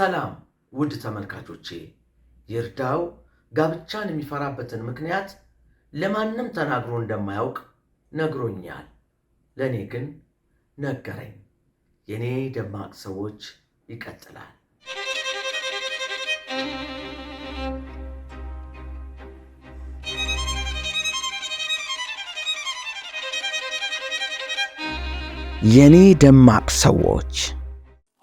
ሰላም ውድ ተመልካቾቼ፣ ይርዳው ጋብቻን የሚፈራበትን ምክንያት ለማንም ተናግሮ እንደማያውቅ ነግሮኛል። ለእኔ ግን ነገረኝ። የእኔ ደማቅ ሰዎች ይቀጥላል። የእኔ ደማቅ ሰዎች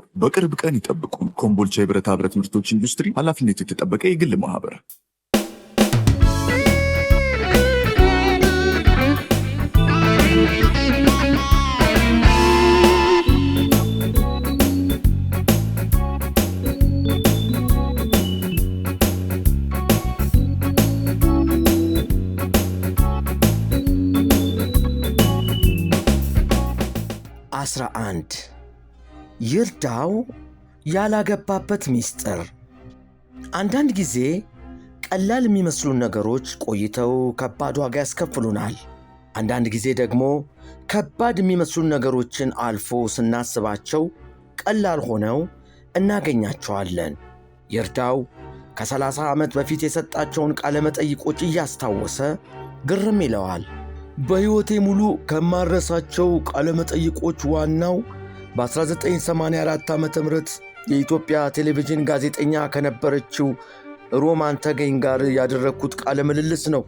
ቦርድ በቅርብ ቀን ይጠብቁ። ኮምቦልቻ የብረታ ብረት ምርቶች ኢንዱስትሪ ኃላፊነቱ የተጠበቀ የግል ማህበር አስራ አንድ ይርዳው ያላገባበት ሚስጥር። አንዳንድ ጊዜ ቀላል የሚመስሉን ነገሮች ቆይተው ከባድ ዋጋ ያስከፍሉናል። አንዳንድ ጊዜ ደግሞ ከባድ የሚመስሉን ነገሮችን አልፎ ስናስባቸው ቀላል ሆነው እናገኛቸዋለን። ይርዳው ከ30 ዓመት በፊት የሰጣቸውን ቃለ መጠይቆች እያስታወሰ ግርም ይለዋል። በሕይወቴ ሙሉ ከማረሳቸው ቃለ መጠይቆች ዋናው በ1984 ዓ ም የኢትዮጵያ ቴሌቪዥን ጋዜጠኛ ከነበረችው ሮማን ተገኝ ጋር ያደረግኩት ቃለ ምልልስ ነው።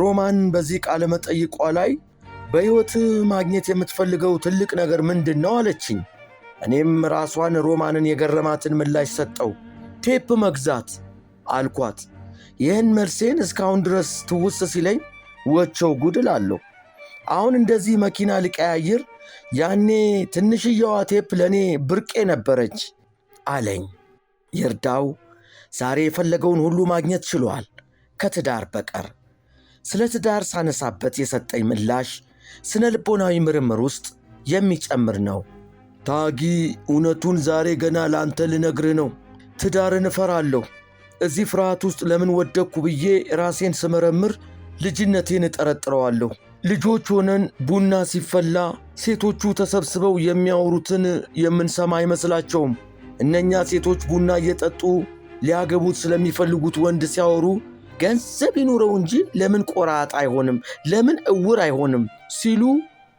ሮማን በዚህ ቃለ መጠይቋ ላይ በሕይወት ማግኘት የምትፈልገው ትልቅ ነገር ምንድን ነው አለችኝ። እኔም ራሷን ሮማንን የገረማትን ምላሽ ሰጠው። ቴፕ መግዛት አልኳት። ይህን መልሴን እስካሁን ድረስ ትውስ ሲለኝ ወቸው ጉድል አለው። አሁን እንደዚህ መኪና ልቀያይር ያኔ ትንሽየዋ ቴፕ ለእኔ ብርቄ ነበረች አለኝ። ይርዳው ዛሬ የፈለገውን ሁሉ ማግኘት ችሏል ከትዳር በቀር። ስለ ትዳር ሳነሳበት የሰጠኝ ምላሽ ስነ ልቦናዊ ምርምር ውስጥ የሚጨምር ነው። ታጊ፣ እውነቱን ዛሬ ገና ለአንተ ልነግርህ ነው። ትዳርን እፈራለሁ። እዚህ ፍርሃት ውስጥ ለምን ወደቅኩ ብዬ ራሴን ስመረምር ልጅነቴን እጠረጥረዋለሁ። ልጆች ሆነን ቡና ሲፈላ ሴቶቹ ተሰብስበው የሚያወሩትን የምንሰማ አይመስላቸውም። እነኛ ሴቶች ቡና እየጠጡ ሊያገቡት ስለሚፈልጉት ወንድ ሲያወሩ ገንዘብ ይኑረው እንጂ ለምን ቆራጣ አይሆንም፣ ለምን እውር አይሆንም ሲሉ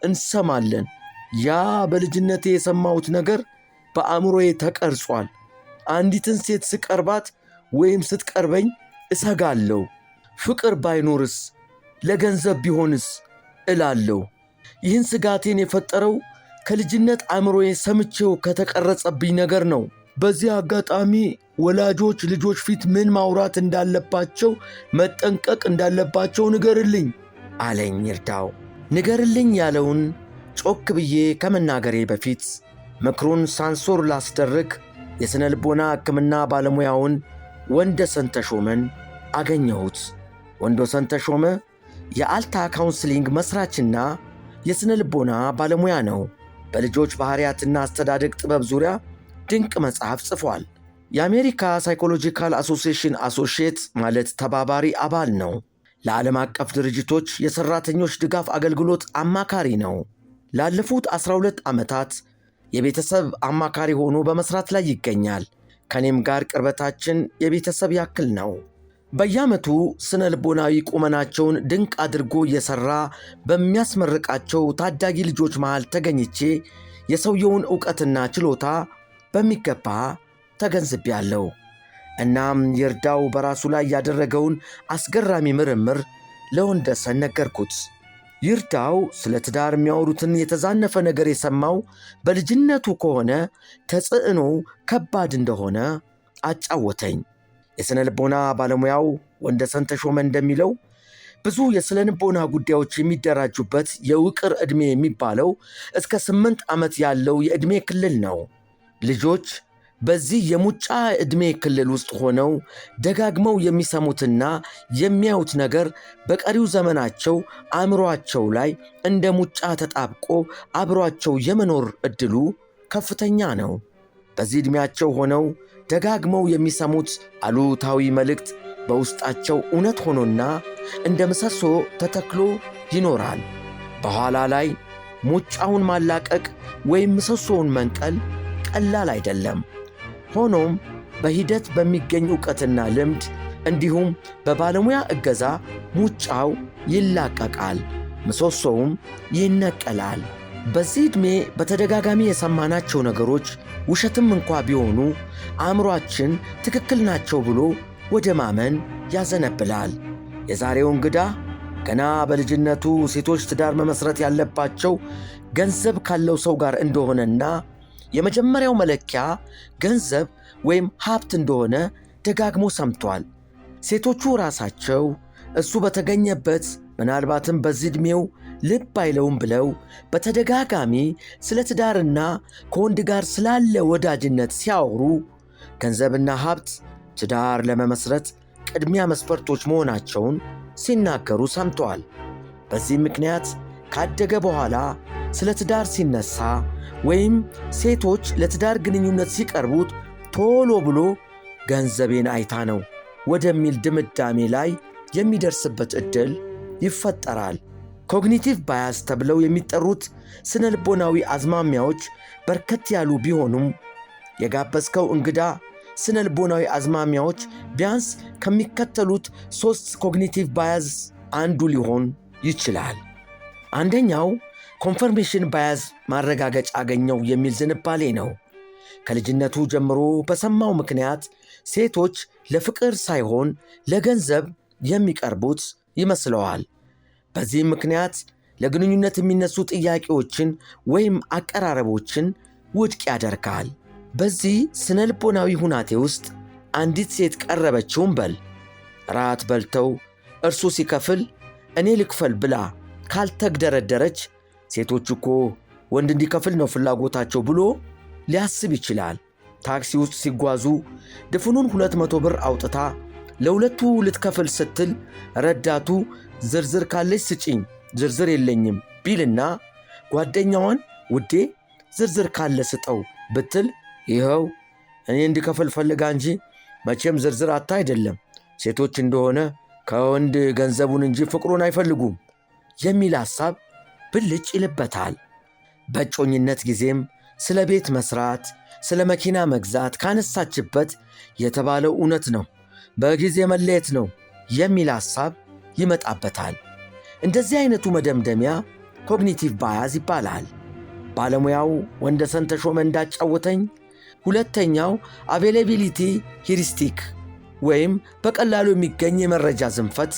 እንሰማለን። ያ በልጅነቴ የሰማሁት ነገር በአእምሮዬ ተቀርጿል። አንዲትን ሴት ስቀርባት ወይም ስትቀርበኝ እሰጋለሁ። ፍቅር ባይኖርስ? ለገንዘብ ቢሆንስ? እላለሁ። ይህን ስጋቴን የፈጠረው ከልጅነት አእምሮዬ ሰምቼው ከተቀረጸብኝ ነገር ነው። በዚህ አጋጣሚ ወላጆች ልጆች ፊት ምን ማውራት እንዳለባቸው መጠንቀቅ እንዳለባቸው ንገርልኝ አለኝ ይርዳው። ንገርልኝ ያለውን ጮክ ብዬ ከመናገሬ በፊት ምክሩን ሳንሶር ላስደርግ የሥነ ልቦና ሕክምና ባለሙያውን ወንደሰን ተሾመን አገኘሁት። ወንዶሰን ተሾመ የአልታ ካውንስሊንግ መስራችና የሥነ ልቦና ባለሙያ ነው። በልጆች ባህሪያትና አስተዳደግ ጥበብ ዙሪያ ድንቅ መጽሐፍ ጽፏል። የአሜሪካ ሳይኮሎጂካል አሶሲሽን አሶሺየት ማለት ተባባሪ አባል ነው። ለዓለም አቀፍ ድርጅቶች የሠራተኞች ድጋፍ አገልግሎት አማካሪ ነው። ላለፉት 12 ዓመታት የቤተሰብ አማካሪ ሆኖ በመሥራት ላይ ይገኛል። ከእኔም ጋር ቅርበታችን የቤተሰብ ያክል ነው። በየዓመቱ ስነ ልቦናዊ ቁመናቸውን ድንቅ አድርጎ እየሠራ በሚያስመርቃቸው ታዳጊ ልጆች መሃል ተገኝቼ የሰውየውን እውቀትና ችሎታ በሚገባ ተገንዝቤያለሁ። እናም ይርዳው በራሱ ላይ ያደረገውን አስገራሚ ምርምር ለወንደሰን ነገርኩት። ይርዳው ስለ ትዳር የሚያወሩትን የተዛነፈ ነገር የሰማው በልጅነቱ ከሆነ ተጽዕኖ ከባድ እንደሆነ አጫወተኝ። የሥነ ልቦና ባለሙያው ወንደሰን ተሾመ እንደሚለው ብዙ የሥነ ልቦና ጉዳዮች የሚደራጁበት የውቅር ዕድሜ የሚባለው እስከ ስምንት ዓመት ያለው የዕድሜ ክልል ነው። ልጆች በዚህ የሙጫ ዕድሜ ክልል ውስጥ ሆነው ደጋግመው የሚሰሙትና የሚያዩት ነገር በቀሪው ዘመናቸው አእምሯቸው ላይ እንደ ሙጫ ተጣብቆ አብሯቸው የመኖር ዕድሉ ከፍተኛ ነው። በዚህ ዕድሜያቸው ሆነው ደጋግመው የሚሰሙት አሉታዊ መልእክት በውስጣቸው እውነት ሆኖና እንደ ምሰሶ ተተክሎ ይኖራል። በኋላ ላይ ሙጫውን ማላቀቅ ወይም ምሰሶውን መንቀል ቀላል አይደለም። ሆኖም በሂደት በሚገኝ ዕውቀትና ልምድ እንዲሁም በባለሙያ እገዛ ሙጫው ይላቀቃል፣ ምሰሶውም ይነቀላል። በዚህ ዕድሜ በተደጋጋሚ የሰማናቸው ነገሮች ውሸትም እንኳ ቢሆኑ አእምሯችን ትክክል ናቸው ብሎ ወደ ማመን ያዘነብላል። የዛሬው እንግዳ ገና በልጅነቱ ሴቶች ትዳር መመስረት ያለባቸው ገንዘብ ካለው ሰው ጋር እንደሆነና የመጀመሪያው መለኪያ ገንዘብ ወይም ሀብት እንደሆነ ደጋግሞ ሰምቷል። ሴቶቹ ራሳቸው እሱ በተገኘበት ምናልባትም በዚህ ዕድሜው ልብ አይለውም ብለው በተደጋጋሚ ስለ ትዳርና ከወንድ ጋር ስላለ ወዳጅነት ሲያወሩ ገንዘብና ሀብት ትዳር ለመመስረት ቅድሚያ መስፈርቶች መሆናቸውን ሲናገሩ ሰምተዋል። በዚህ ምክንያት ካደገ በኋላ ስለ ትዳር ሲነሳ ወይም ሴቶች ለትዳር ግንኙነት ሲቀርቡት ቶሎ ብሎ ገንዘቤን አይታ ነው ወደሚል ድምዳሜ ላይ የሚደርስበት ዕድል ይፈጠራል። ኮግኒቲቭ ባያስ ተብለው የሚጠሩት ስነ ልቦናዊ አዝማሚያዎች በርከት ያሉ ቢሆኑም የጋበዝከው እንግዳ ስነ ልቦናዊ አዝማሚያዎች ቢያንስ ከሚከተሉት ሦስት ኮግኒቲቭ ባያዝ አንዱ ሊሆን ይችላል። አንደኛው ኮንፈርሜሽን ባያዝ ማረጋገጫ አገኘው የሚል ዝንባሌ ነው። ከልጅነቱ ጀምሮ በሰማው ምክንያት ሴቶች ለፍቅር ሳይሆን ለገንዘብ የሚቀርቡት ይመስለዋል። በዚህም ምክንያት ለግንኙነት የሚነሱ ጥያቄዎችን ወይም አቀራረቦችን ውድቅ ያደርጋል። በዚህ ስነ ልቦናዊ ሁናቴ ውስጥ አንዲት ሴት ቀረበችውን በል ራት በልተው እርሱ ሲከፍል እኔ ልክፈል ብላ ካልተግደረደረች ሴቶች እኮ ወንድ እንዲከፍል ነው ፍላጎታቸው ብሎ ሊያስብ ይችላል። ታክሲ ውስጥ ሲጓዙ ድፍኑን ሁለት መቶ ብር አውጥታ ለሁለቱ ልትከፍል ስትል ረዳቱ ዝርዝር ካለች ስጪኝ ዝርዝር የለኝም ቢልና ጓደኛዋን ውዴ ዝርዝር ካለ ስጠው ብትል ይኸው እኔ እንዲከፍል ፈልጋ እንጂ መቼም ዝርዝር አታ አይደለም ሴቶች እንደሆነ ከወንድ ገንዘቡን እንጂ ፍቅሩን አይፈልጉም የሚል ሐሳብ ብልጭ ይልበታል። በእጮኝነት ጊዜም ስለ ቤት መስራት፣ ስለ መኪና መግዛት ካነሳችበት የተባለው እውነት ነው፣ በጊዜ መለየት ነው የሚል ሐሳብ ይመጣበታል። እንደዚህ አይነቱ መደምደሚያ ኮግኒቲቭ ባያዝ ይባላል። ባለሙያው ወንደሰን ተሾመ እንዳጫወተኝ ሁለተኛው አቬላቢሊቲ ሂሪስቲክ ወይም በቀላሉ የሚገኝ የመረጃ ዝንፈት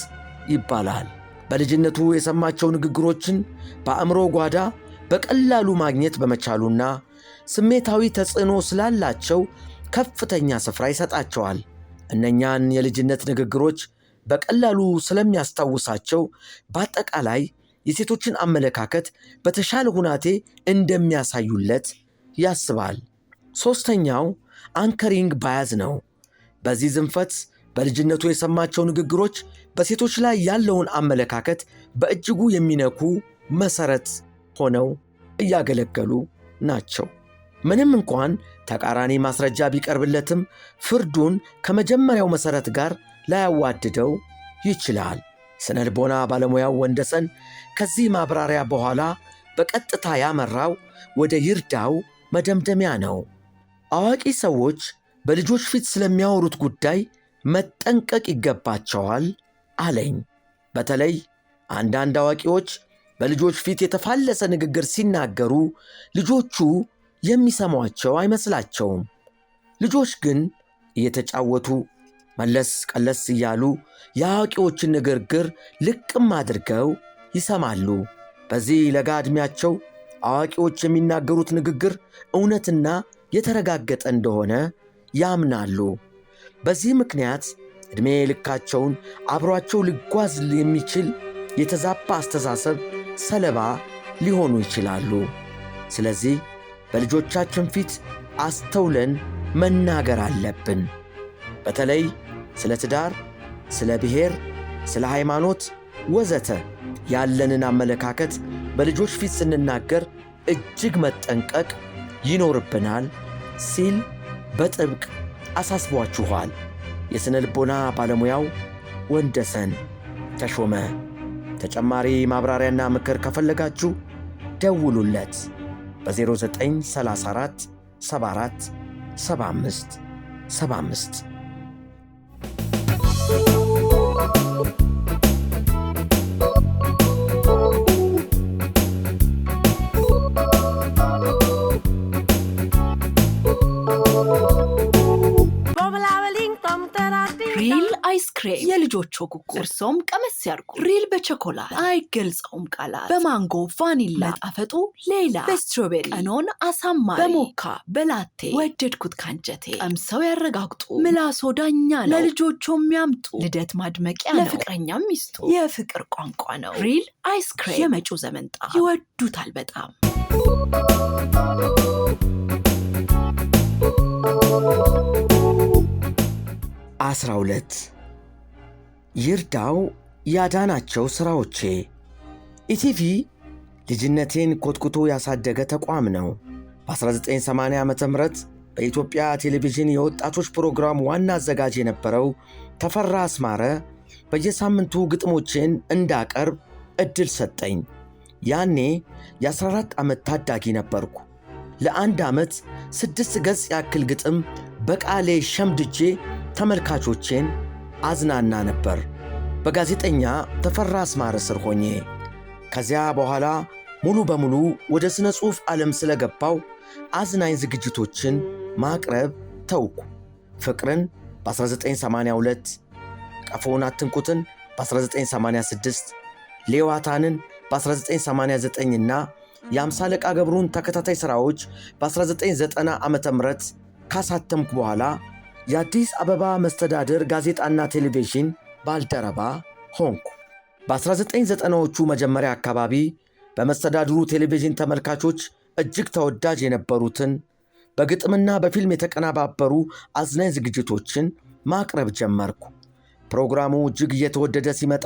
ይባላል። በልጅነቱ የሰማቸው ንግግሮችን በአእምሮ ጓዳ በቀላሉ ማግኘት በመቻሉና ስሜታዊ ተጽዕኖ ስላላቸው ከፍተኛ ስፍራ ይሰጣቸዋል። እነኛን የልጅነት ንግግሮች በቀላሉ ስለሚያስታውሳቸው በአጠቃላይ የሴቶችን አመለካከት በተሻለ ሁናቴ እንደሚያሳዩለት ያስባል። ሦስተኛው አንከሪንግ ባያዝ ነው። በዚህ ዝንፈት በልጅነቱ የሰማቸው ንግግሮች በሴቶች ላይ ያለውን አመለካከት በእጅጉ የሚነኩ መሰረት ሆነው እያገለገሉ ናቸው። ምንም እንኳን ተቃራኒ ማስረጃ ቢቀርብለትም ፍርዱን ከመጀመሪያው መሰረት ጋር ላያዋድደው ይችላል። ስነ ልቦና ባለሙያው ወንደሰን ከዚህ ማብራሪያ በኋላ በቀጥታ ያመራው ወደ ይርዳው መደምደሚያ ነው። አዋቂ ሰዎች በልጆች ፊት ስለሚያወሩት ጉዳይ መጠንቀቅ ይገባቸዋል አለኝ። በተለይ አንዳንድ አዋቂዎች በልጆች ፊት የተፋለሰ ንግግር ሲናገሩ ልጆቹ የሚሰሟቸው አይመስላቸውም። ልጆች ግን እየተጫወቱ መለስ ቀለስ እያሉ የአዋቂዎችን ንግግር ልቅም አድርገው ይሰማሉ። በዚህ ለጋ ዕድሜያቸው አዋቂዎች የሚናገሩት ንግግር እውነትና የተረጋገጠ እንደሆነ ያምናሉ። በዚህ ምክንያት ዕድሜ ልካቸውን አብሯቸው ሊጓዝ የሚችል የተዛባ አስተሳሰብ ሰለባ ሊሆኑ ይችላሉ። ስለዚህ በልጆቻችን ፊት አስተውለን መናገር አለብን። በተለይ ስለ ትዳር፣ ስለ ብሔር፣ ስለ ሃይማኖት ወዘተ ያለንን አመለካከት በልጆች ፊት ስንናገር እጅግ መጠንቀቅ ይኖርብናል ሲል በጥብቅ አሳስቧችኋል። የሥነ ልቦና ባለሙያው ወንደሰን ተሾመ። ተጨማሪ ማብራሪያና ምክር ከፈለጋችሁ ደውሉለት በ0934 74 75 75 Thank you. ክሬም የልጆቹ ጉጉር፣ እርሶም ቀመስ ያርጉ። ሪል በቸኮላት አይገልጸውም ቃላት፣ በማንጎ ቫኒላ ጣፈጡ ሌላ፣ በስትሮቤሪ ቀኖን አሳማሪ፣ በሞካ በላቴ ወደድኩት ካንጀቴ። ቀምሰው ያረጋግጡ፣ ምላሶ ዳኛ ነው። ለልጆቹ የሚያምጡ ልደት ማድመቂያ ነው፣ ለፍቅረኛም ይስጡ። የፍቅር ቋንቋ ነው ሪል አይስክሬም፣ የመጪው ዘመን ጣ ይወዱታል በጣም። አስራ ሁለት ይርዳው ያዳናቸው ሥራዎቼ ኢቲቪ ልጅነቴን ኮትኩቶ ያሳደገ ተቋም ነው። በ1980 ዓ ም በኢትዮጵያ ቴሌቪዥን የወጣቶች ፕሮግራም ዋና አዘጋጅ የነበረው ተፈራ አስማረ በየሳምንቱ ግጥሞቼን እንዳቀርብ ዕድል ሰጠኝ። ያኔ የ14 ዓመት ታዳጊ ነበርኩ። ለአንድ ዓመት ስድስት ገጽ ያክል ግጥም በቃሌ ሸምድጄ ተመልካቾቼን አዝናና ነበር በጋዜጠኛ ተፈራ አስማረ ስር ሆኜ። ከዚያ በኋላ ሙሉ በሙሉ ወደ ሥነ ጽሑፍ ዓለም ስለገባው አዝናኝ ዝግጅቶችን ማቅረብ ተውኩ። ፍቅርን በ1982 ቀፎውን አትንኩትን በ1986 ሌዋታንን በ 1989 እና የአምሳ አለቃ ገብሩን ተከታታይ ሥራዎች በ1990 ዓ ም ካሳተምኩ በኋላ የአዲስ አበባ መስተዳድር ጋዜጣና ቴሌቪዥን ባልደረባ ሆንኩ። በ1990ዎቹ መጀመሪያ አካባቢ በመስተዳድሩ ቴሌቪዥን ተመልካቾች እጅግ ተወዳጅ የነበሩትን በግጥምና በፊልም የተቀነባበሩ አዝናኝ ዝግጅቶችን ማቅረብ ጀመርኩ። ፕሮግራሙ እጅግ እየተወደደ ሲመጣ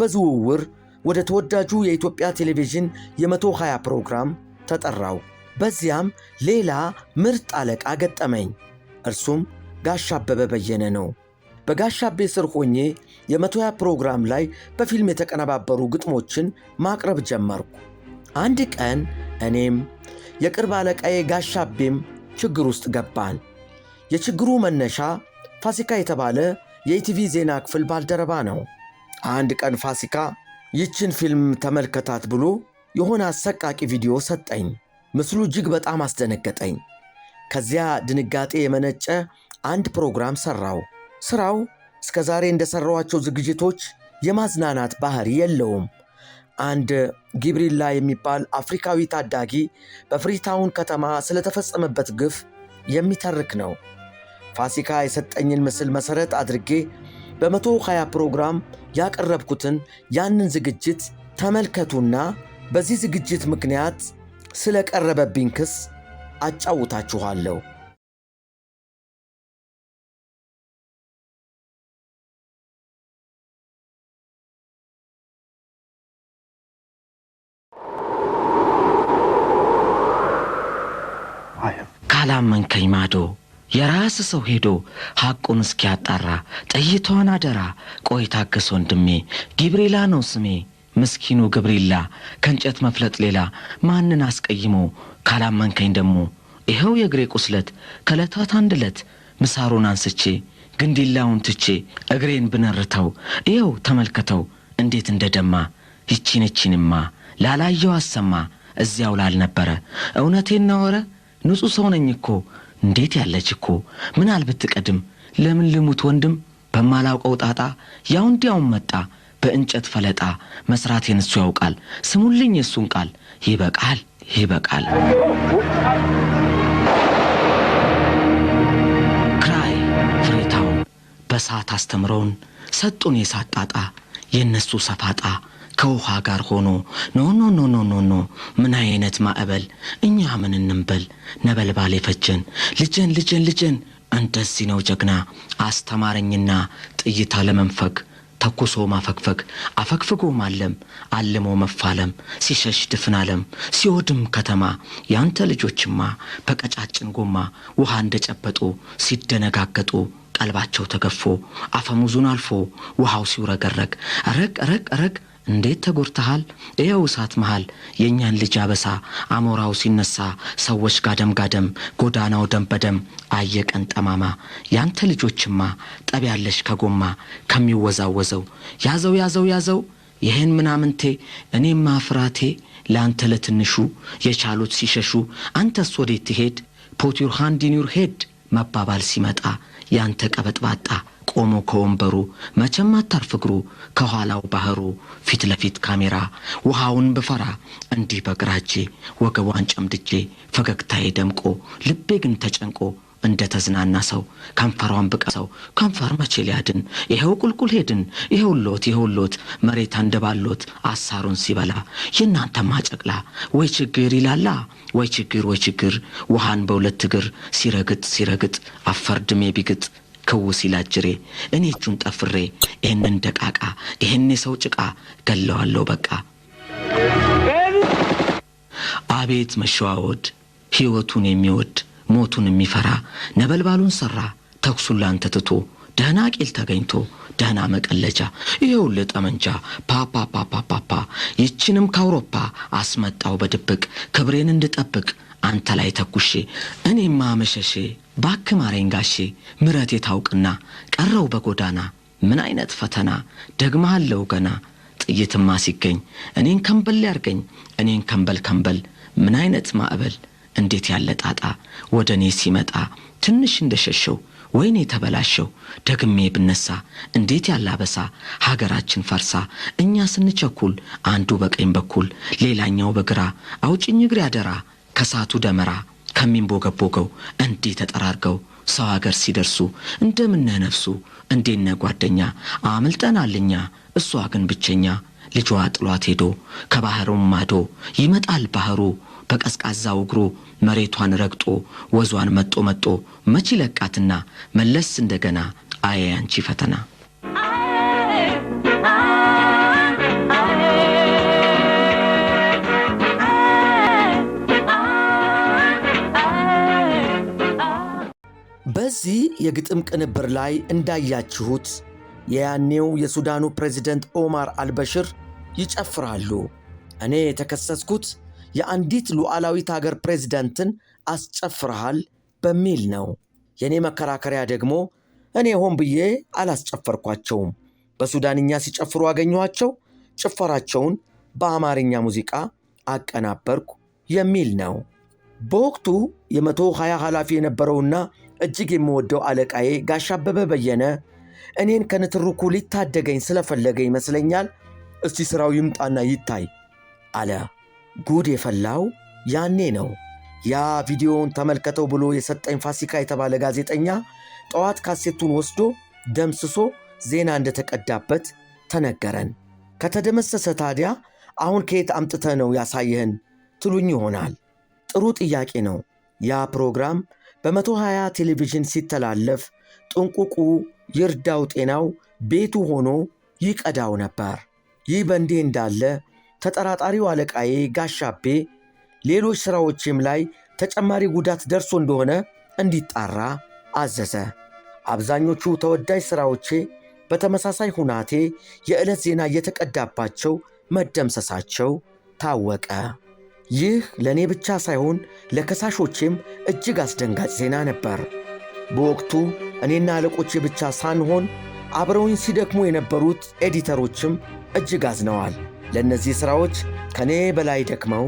በዝውውር ወደ ተወዳጁ የኢትዮጵያ ቴሌቪዥን የ 20 ፕሮግራም ተጠራው። በዚያም ሌላ ምርጥ አለቃ ገጠመኝ። እርሱም ጋሽ አበበ በየነ ነው። በጋሽ አቤ ስር ሆኜ የመቶያ ፕሮግራም ላይ በፊልም የተቀነባበሩ ግጥሞችን ማቅረብ ጀመርኩ። አንድ ቀን እኔም የቅርብ አለቃዬ ጋሽ አቤም ችግር ውስጥ ገባን። የችግሩ መነሻ ፋሲካ የተባለ የኢቲቪ ዜና ክፍል ባልደረባ ነው። አንድ ቀን ፋሲካ ይችን ፊልም ተመልከታት ብሎ የሆነ አሰቃቂ ቪዲዮ ሰጠኝ። ምስሉ እጅግ በጣም አስደነገጠኝ። ከዚያ ድንጋጤ የመነጨ አንድ ፕሮግራም ሰራው። ስራው እስከ ዛሬ እንደሰራዋቸው ዝግጅቶች የማዝናናት ባህሪ የለውም። አንድ ጊብሪላ የሚባል አፍሪካዊ ታዳጊ በፍሪታውን ከተማ ስለተፈጸመበት ግፍ የሚተርክ ነው። ፋሲካ የሰጠኝን ምስል መሠረት አድርጌ በመቶ 20 ፕሮግራም ያቀረብኩትን ያንን ዝግጅት ተመልከቱና በዚህ ዝግጅት ምክንያት ስለቀረበብኝ ክስ አጫውታችኋለሁ። ካላመንከኝ ማዶ የራስ ሰው ሄዶ ሐቁን እስኪያጣራ ጠይቷን አደራ። ቆይ ታገስ ወንድሜ፣ ጊብሪላ ነው ስሜ። ምስኪኑ ግብሪላ ከእንጨት መፍለጥ ሌላ ማንን አስቀይሞ፣ ካላመንከኝ ደሞ ይኸው የእግሬ ቁስለት ከዕለታት አንድ ዕለት ምሳሩን አንስቼ ግንዲላውን ትቼ እግሬን ብነርተው ይኸው ተመልከተው እንዴት እንደ ደማ። ይቺን እቺንማ ላላየው አሰማ እዚያው ላልነበረ እውነቴን ነወረ ንጹሕ ሰው ነኝ እኮ እንዴት ያለች እኮ ምን ብትቀድም ለምን ልሙት ወንድም በማላውቀው ጣጣ ያው እንዲያውም መጣ በእንጨት ፈለጣ መስራት የንሱ ያውቃል ስሙልኝ የእሱን ቃል ይበቃል ይበቃል ክራይ ፍሬታውን በሳት አስተምረውን ሰጡን የሳት ጣጣ የእነሱ ሰፋጣ ከውሃ ጋር ሆኖ ኖ ኖ ኖ ኖ ኖ ኖ ምን አይነት ማዕበል! እኛ ምን እንበል? ነበልባል የፈጀን ልጀን ልጀን ልጀን። እንደዚህ ነው ጀግና። አስተማረኝና ጥይታ ለመንፈግ ተኩሶ ማፈግፈግ አፈግፍጎ ማለም አልሞ መፋለም ሲሸሽ ድፍን ዓለም ሲወድም ከተማ ያንተ ልጆችማ በቀጫጭን ጎማ ውሃ እንደጨበጡ ሲደነጋገጡ ቀልባቸው ተገፎ አፈሙዙን አልፎ ውሃው ሲውረገረግ ረግ ረግ ረግ እንዴት ተጎድተሃል? ይኸው እሳት መሃል የእኛን ልጅ አበሳ አሞራው ሲነሳ ሰዎች ጋደም ጋደም ጎዳናው ደም በደም አየቀን ጠማማ ያንተ ልጆችማ ጠቢያለሽ ከጎማ ከሚወዛወዘው ያዘው ያዘው ያዘው ይህን ምናምንቴ እኔማ ፍራቴ ለአንተ ለትንሹ የቻሉት ሲሸሹ አንተስ ወዴት ትሄድ ፖቲርሃን ሄድ መባባል ሲመጣ ያንተ ቀበጥባጣ ቆሞ ከወንበሩ መቼም አታርፍ እግሩ ከኋላው ባህሩ ፊት ለፊት ካሜራ ውሃውን ብፈራ እንዲህ በግራ ወገቧን ጨምድጄ ፈገግታዬ ደምቆ ልቤ ግን ተጨንቆ እንደ ተዝናና ሰው ከንፈሯን ብቃ ሰው ከንፈር መቼ ሊያድን? ይኸው ቁልቁል ሄድን፣ ይኸው ሎት፣ ይኸው ሎት መሬት አንደባሎት አሳሩን ሲበላ የእናንተ ጨቅላ ወይ ችግር ይላላ ወይ ችግር ወይ ችግር ውሃን በሁለት እግር ሲረግጥ ሲረግጥ አፈርድሜ ቢግጥ ክው ሲላጅሬ እኔ እጁን ጠፍሬ ይህንን ደቃቃ ይህን የሰው ጭቃ ገለዋለሁ በቃ። አቤት መሸዋወድ ሕይወቱን የሚወድ ሞቱን የሚፈራ ነበልባሉን ሰራ ተኩሱን ላንተ ትቶ ደህና ቂል ተገኝቶ ደህና መቀለጃ ይኸውልህ ጠመንጃ ፓፓፓፓፓፓ ይችንም ከአውሮፓ አስመጣው በድብቅ ክብሬን እንድጠብቅ አንተ ላይ ተኩሼ እኔማ መሸሼ ባክ ማረኝ ጋሼ ምረት የታውቅና ቀረው በጎዳና ምን አይነት ፈተና ደግመሃለው ገና ጥይትማ ሲገኝ እኔን ከንበል ያርገኝ እኔን ከንበል ከንበል ምን አይነት ማዕበል እንዴት ያለ ጣጣ ወደ እኔ ሲመጣ ትንሽ እንደሸሸው ወይኔ ተበላሸው ደግሜ ብነሳ እንዴት ያለ አበሳ ሀገራችን ፈርሳ እኛ ስንቸኩል አንዱ በቀኝ በኩል ሌላኛው በግራ አውጭኝ እግር ያደራ ከሳቱ ደመራ ከሚንቦገቦገው እንዲህ ተጠራርገው ሰው ሀገር ሲደርሱ እንደምነህ ነፍሱ እንዴነ ጓደኛ አምልጠናልኛ እሷ ግን ብቸኛ ልጇ ጥሏት ሄዶ ከባህሩም ማዶ ይመጣል ባህሩ በቀዝቃዛው እግሩ መሬቷን ረግጦ ወዟን መጦ መጦ መች ለቃትና መለስ እንደገና አየ አንቺ ፈተና በዚህ የግጥም ቅንብር ላይ እንዳያችሁት የያኔው የሱዳኑ ፕሬዚደንት ኦማር አልበሽር ይጨፍራሉ። እኔ የተከሰስኩት የአንዲት ሉዓላዊት ሀገር ፕሬዝዳንትን አስጨፍረሃል በሚል ነው። የእኔ መከራከሪያ ደግሞ እኔ ሆን ብዬ አላስጨፈርኳቸውም። በሱዳንኛ ሲጨፍሩ አገኘኋቸው፣ ጭፈራቸውን በአማርኛ ሙዚቃ አቀናበርኩ የሚል ነው። በወቅቱ የመቶ 20 ኃላፊ የነበረውና እጅግ የምወደው አለቃዬ ጋሻበበ አበበ በየነ እኔን ከንትርኩ ሊታደገኝ ስለፈለገ ይመስለኛል። እስቲ ሥራው ይምጣና ይታይ አለ። ጉድ የፈላው ያኔ ነው። ያ ቪዲዮውን ተመልከተው ብሎ የሰጠኝ ፋሲካ የተባለ ጋዜጠኛ ጠዋት ካሴቱን ወስዶ ደምስሶ ዜና እንደተቀዳበት ተነገረን። ከተደመሰሰ ታዲያ አሁን ከየት አምጥተ ነው ያሳየህን ትሉኝ ይሆናል። ጥሩ ጥያቄ ነው። ያ ፕሮግራም በ120 ቴሌቪዥን ሲተላለፍ ጥንቁቁ ይርዳው ጤናው ቤቱ ሆኖ ይቀዳው ነበር። ይህ በእንዲህ እንዳለ ተጠራጣሪው አለቃዬ ጋሻቤ ሌሎች ሥራዎቼም ላይ ተጨማሪ ጉዳት ደርሶ እንደሆነ እንዲጣራ አዘዘ። አብዛኞቹ ተወዳጅ ሥራዎቼ በተመሳሳይ ሁናቴ የዕለት ዜና እየተቀዳባቸው መደምሰሳቸው ታወቀ። ይህ ለእኔ ብቻ ሳይሆን ለከሳሾቼም እጅግ አስደንጋጭ ዜና ነበር። በወቅቱ እኔና አለቆቼ ብቻ ሳንሆን አብረውኝ ሲደክሙ የነበሩት ኤዲተሮችም እጅግ አዝነዋል። ለእነዚህ ሥራዎች ከኔ በላይ ደክመው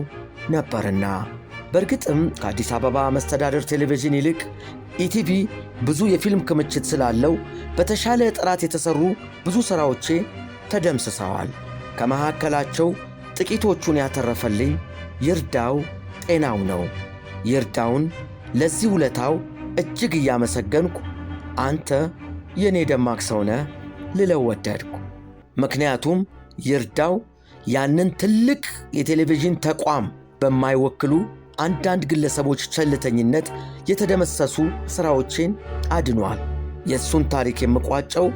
ነበርና። በእርግጥም ከአዲስ አበባ መስተዳደር ቴሌቪዥን ይልቅ ኢቲቪ ብዙ የፊልም ክምችት ስላለው በተሻለ ጥራት የተሰሩ ብዙ ሥራዎቼ ተደምስሰዋል። ከመካከላቸው ጥቂቶቹን ያተረፈልኝ ይርዳው ጤናው ነው። ይርዳውን ለዚህ ውለታው እጅግ እያመሰገንኩ አንተ የእኔ ደማቅ ሰውነ ልለው ወደድኩ። ምክንያቱም ይርዳው ያንን ትልቅ የቴሌቪዥን ተቋም በማይወክሉ አንዳንድ ግለሰቦች ቸልተኝነት የተደመሰሱ ሥራዎቼን አድኗል። የእሱን ታሪክ የምቋጨው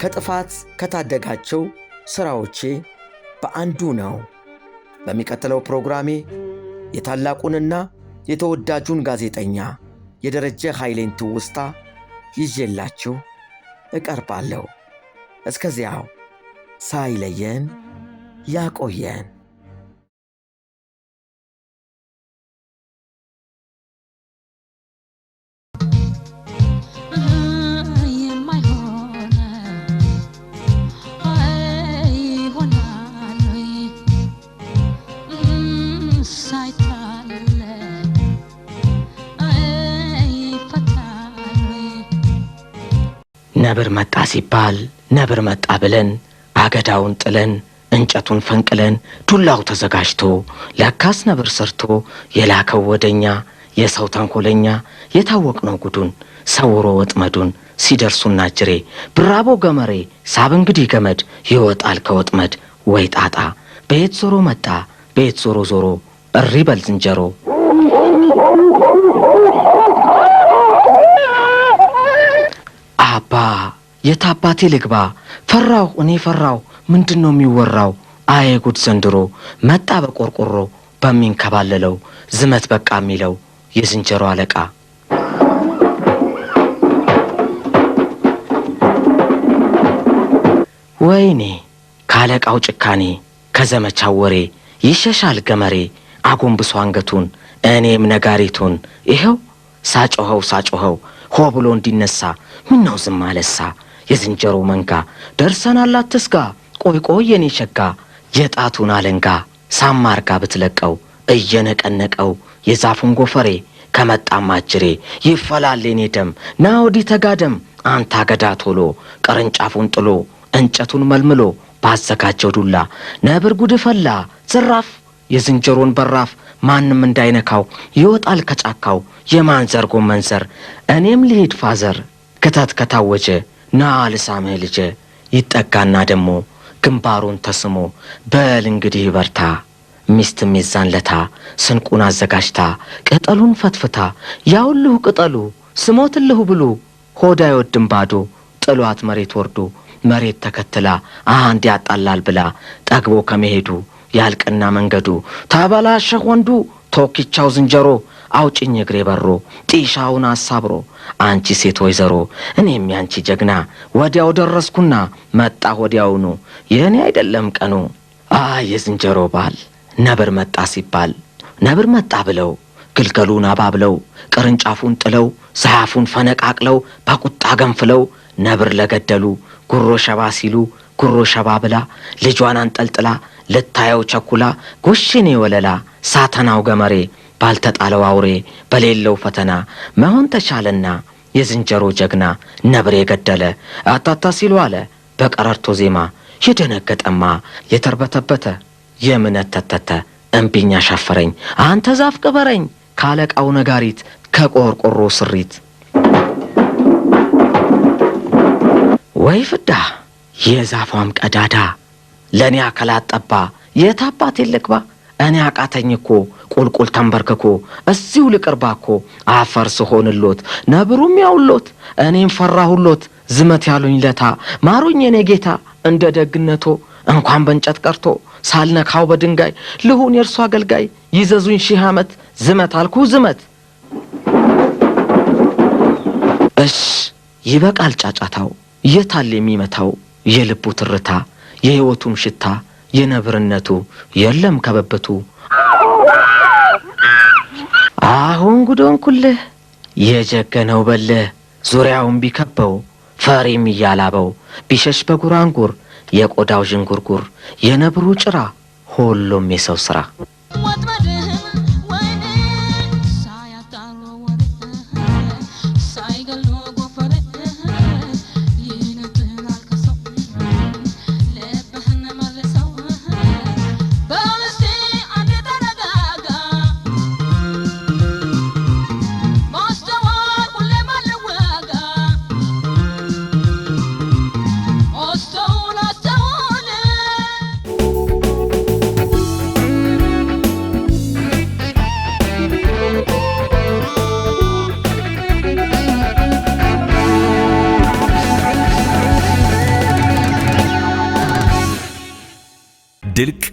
ከጥፋት ከታደጋቸው ሥራዎቼ በአንዱ ነው። በሚቀጥለው ፕሮግራሜ የታላቁንና የተወዳጁን ጋዜጠኛ የደረጀ ኃይሌን ትውስታ ይዤላችሁ እቀርባለሁ። እስከዚያው ሳይለየን ያቆየን። ነብር መጣ ሲባል ነብር መጣ ብለን አገዳውን ጥለን እንጨቱን ፈንቅለን ዱላው ተዘጋጅቶ ለካስ ነብር ሰርቶ የላከው ወደኛ የሰው ተንኮለኛ የታወቅነው ጉዱን ሰውሮ ወጥመዱን ሲደርሱና ጅሬ ብራቦ ገመሬ ሳብ እንግዲህ ገመድ ይወጣል ከወጥመድ ወይ ጣጣ በየት ዞሮ መጣ በየት ዞሮ ዞሮ እሪ በል ዝንጀሮ አባ የታባቴ ልግባ ፈራሁ እኔ ፈራሁ ምንድን ነው የሚወራው? አየ ጉድ! ዘንድሮ መጣ በቆርቆሮ በሚንከባለለው ዝመት በቃ የሚለው የዝንጀሮ አለቃ። ወይኔ ካለቃው ጭካኔ ከዘመቻው ወሬ ይሸሻል ገመሬ አጎንብሶ አንገቱን እኔም ነጋሪቱን ይኸው ሳጮኸው ሳጮኸው ሆ ብሎ እንዲነሳ ምነው ዝም አለሳ የዝንጀሮ መንጋ ደርሰናል አትስጋ ቆይ ቆይ የኔ ሸጋ የጣቱን አለንጋ ሳማርጋ ብትለቀው እየነቀነቀው የዛፉን ጎፈሬ ከመጣም አጅሬ ይፈላል የኔ ደም ና ወዲህ ተጋደም አንተ አገዳ ቶሎ ቅርንጫፉን ጥሎ እንጨቱን መልምሎ ባዘጋጀው ዱላ ነብር ጉድ ፈላ ዝራፍ የዝንጀሮን በራፍ ማንም እንዳይነካው ይወጣል ከጫካው የማንዘር ጎመንዘር እኔም ልሂድ ፋዘር ክተት ከታወጀ ና ልሳምህ ልጄ ይጠጋና ደሞ ግንባሩን ተስሞ በል እንግዲህ በርታ ሚስት ሚዛን ለታ ስንቁን አዘጋጅታ ቅጠሉን ፈትፍታ ያውልሁ ቅጠሉ ስሞትልሁ ብሉ ሆዳ አይወድም ባዶ ጥሏት መሬት ወርዶ መሬት ተከትላ አንድ ያጣላል ብላ ጠግቦ ከመሄዱ ያልቅና መንገዱ ታበላሸህ ወንዱ ቶኪቻው ዝንጀሮ አውጭኝ እግሬ በሮ ጢሻውን አሳብሮ አንቺ ሴት ወይዘሮ እኔም ያንቺ ጀግና ወዲያው ደረስኩና መጣ ወዲያውኑ የእኔ አይደለም ቀኑ አ የዝንጀሮ ባል ነብር መጣ ሲባል ነብር መጣ ብለው ግልገሉን አባብለው ቅርንጫፉን ጥለው ዛፉን ፈነቃቅለው በቁጣ ገንፍለው ነብር ለገደሉ ጉሮ ሸባ ሲሉ ጉሮ ሸባ ብላ ልጇን አንጠልጥላ ልታየው ቸኩላ ጎሽኔ ወለላ ሳተናው ገመሬ ባልተጣለው አውሬ በሌለው ፈተና መሆን ተቻለና የዝንጀሮ ጀግና ነብር የገደለ አታታ ሲሉ አለ በቀረርቶ ዜማ የደነገጠማ የተርበተበተ የምነት ተተተ እምቢኝ አሻፈረኝ አንተ ዛፍ ቅበረኝ ካለቃው ነጋሪት ከቆርቆሮ ስሪት ወይ ፍዳ የዛፏም ቀዳዳ ለእኔ አከላት ጠባ የታባት ልግባ እኔ አቃተኝ እኮ ቁልቁል ተንበርክኮ እዚሁ ልቅርባኮ አፈር ስሆንሎት ነብሩም ያውሎት እኔም ፈራሁሎት ዝመት ያሉኝ ለታ ማሩኝ የኔ ጌታ እንደ ደግነቶ እንኳን በእንጨት ቀርቶ ሳልነካው በድንጋይ ልሁን የእርሱ አገልጋይ ይዘዙኝ ሺህ ዓመት ዝመት አልኩ ዝመት። እሽ ይበቃል ጫጫታው የታል የሚመታው የልቡ ትርታ የሕይወቱም ሽታ የነብርነቱ የለም ከበብቱ አሁን ጉዶንኩልህ የጀገነው በልህ ዙሪያውን ቢከበው ፈሪም እያላበው ቢሸሽ በጉራንጉር የቆዳው ዥንጉርጉር የነብሩ ጭራ ሁሉም የሰው ሥራ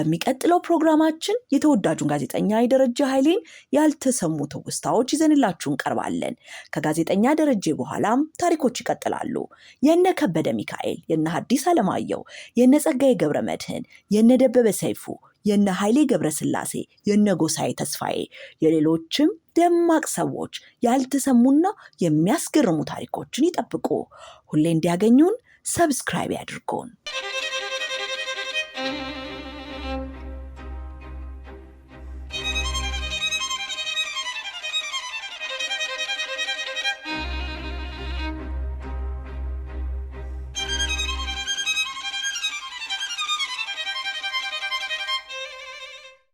በሚቀጥለው ፕሮግራማችን የተወዳጁን ጋዜጠኛ የደረጀ ኃይሌን ያልተሰሙ ትውስታዎች ይዘንላችሁ እንቀርባለን። ከጋዜጠኛ ደረጀ በኋላም ታሪኮች ይቀጥላሉ። የነ ከበደ ሚካኤል፣ የነ ሐዲስ ዓለማየሁ፣ የነ ጸጋዬ ገብረ መድህን፣ የነ ደበበ ሰይፉ የነ ኃይሌ ገብረስላሴ የነ ጎሳዬ ተስፋዬ የሌሎችም ደማቅ ሰዎች ያልተሰሙና የሚያስገርሙ ታሪኮችን ይጠብቁ። ሁሌ እንዲያገኙን ሰብስክራይብ ያድርጉን።